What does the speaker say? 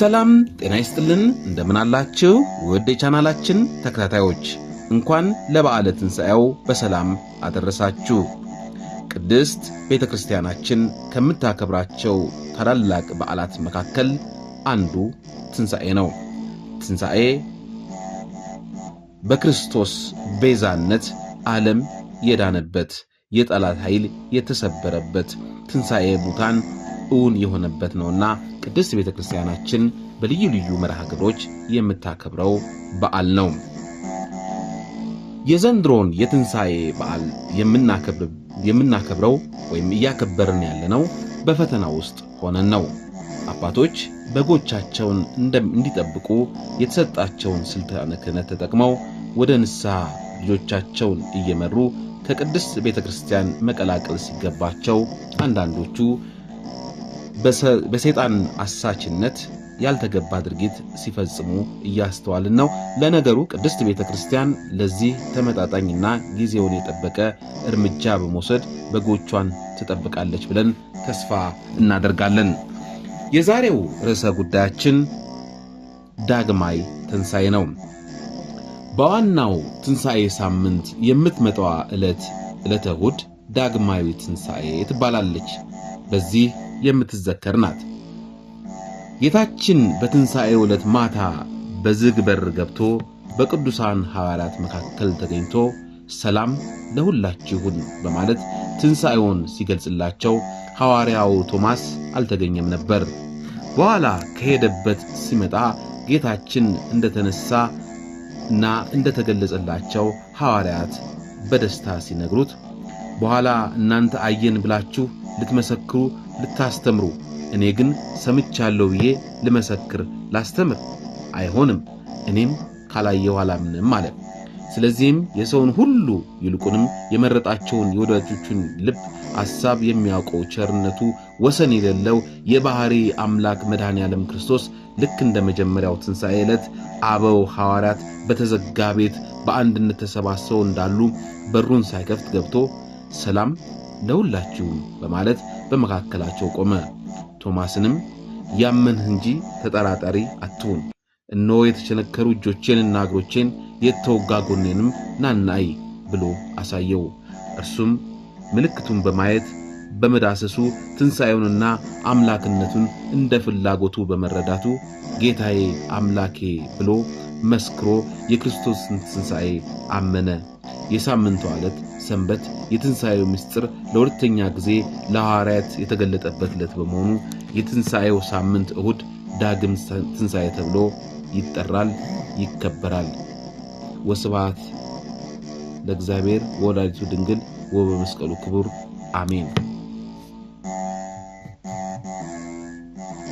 ሰላም ጤና ይስጥልን። እንደምን አላችሁ ውድ የቻናላችን ተከታታዮች፣ እንኳን ለበዓለ ትንሣኤው በሰላም አደረሳችሁ። ቅድስት ቤተ ክርስቲያናችን ከምታከብራቸው ታላላቅ በዓላት መካከል አንዱ ትንሣኤ ነው። ትንሣኤ በክርስቶስ ቤዛነት ዓለም የዳነበት፣ የጠላት ኃይል የተሰበረበት፣ ትንሣኤ ሙታን እውን የሆነበት ነውና ቅድስት ቤተ ክርስቲያናችን በልዩ ልዩ መርሃ ግብሮች የምታከብረው በዓል ነው። የዘንድሮን የትንሣኤ በዓል የምናከብረው ወይም እያከበርን ያለነው በፈተና ውስጥ ሆነን ነው። አባቶች በጎቻቸውን እንዲጠብቁ የተሰጣቸውን ስልጣነ ክህነት ተጠቅመው ወደ ንስሐ ልጆቻቸውን እየመሩ ከቅድስት ቤተ ክርስቲያን መቀላቀል ሲገባቸው አንዳንዶቹ በሰይጣን አሳችነት ያልተገባ ድርጊት ሲፈጽሙ እያስተዋልን ነው። ለነገሩ ቅድስት ቤተ ክርስቲያን ለዚህ ተመጣጣኝና ጊዜውን የጠበቀ እርምጃ በመውሰድ በጎቿን ትጠብቃለች ብለን ተስፋ እናደርጋለን። የዛሬው ርዕሰ ጉዳያችን ዳግማይ ትንሣኤ ነው። በዋናው ትንሣኤ ሳምንት የምትመጣዋ ዕለት ዕለተ እሁድ ዳግማዊ ትንሣኤ ትባላለች። በዚህ የምትዘከር ናት። ጌታችን በትንሳኤ ዕለት ማታ በዝግ በር ገብቶ በቅዱሳን ሐዋርያት መካከል ተገኝቶ ሰላም ለሁላችሁን በማለት ትንሣኤውን ሲገልጽላቸው ሐዋርያው ቶማስ አልተገኘም ነበር። በኋላ ከሄደበት ሲመጣ ጌታችን እንደተነሳ እና እንደተገለጸላቸው ሐዋርያት በደስታ ሲነግሩት በኋላ እናንተ አየን ብላችሁ ልትመሰክሩ ልታስተምሩ፣ እኔ ግን ሰምቻለሁ ብዬ ልመሰክር ላስተምር አይሆንም፣ እኔም ካላየሁ አላምንም አለ። ስለዚህም የሰውን ሁሉ ይልቁንም የመረጣቸውን የወዳጆቹን ልብ አሳብ የሚያውቀው ቸርነቱ ወሰን የሌለው የባሕሪ አምላክ መድኃኔ ዓለም ክርስቶስ ልክ እንደ መጀመሪያው ትንሣኤ ዕለት አበው ሐዋርያት በተዘጋ ቤት በአንድነት ተሰባስበው እንዳሉ በሩን ሳይከፍት ገብቶ ሰላም ለሁላችሁ በማለት በመካከላቸው ቆመ። ቶማስንም ያመንህ እንጂ ተጠራጣሪ አትሁን፣ እነሆ የተቸነከሩ እጆቼንና እግሮቼን የተወጋ ጎኔንም ናናይ ብሎ አሳየው። እርሱም ምልክቱን በማየት በመዳሰሱ ትንሣኤውንና አምላክነቱን እንደ ፍላጎቱ በመረዳቱ ጌታዬ አምላኬ ብሎ መስክሮ የክርስቶስን ትንሣኤ አመነ። የሳምንቱ ዕለት ሰንበት የትንሣኤው ምስጢር ለሁለተኛ ጊዜ ለሐዋርያት የተገለጠበት ዕለት በመሆኑ የትንሣኤው ሳምንት እሁድ ዳግም ትንሣኤ ተብሎ ይጠራል፣ ይከበራል። ወስብሐት ለእግዚአብሔር ወወላዲቱ ድንግል ወበመስቀሉ ክቡር አሜን።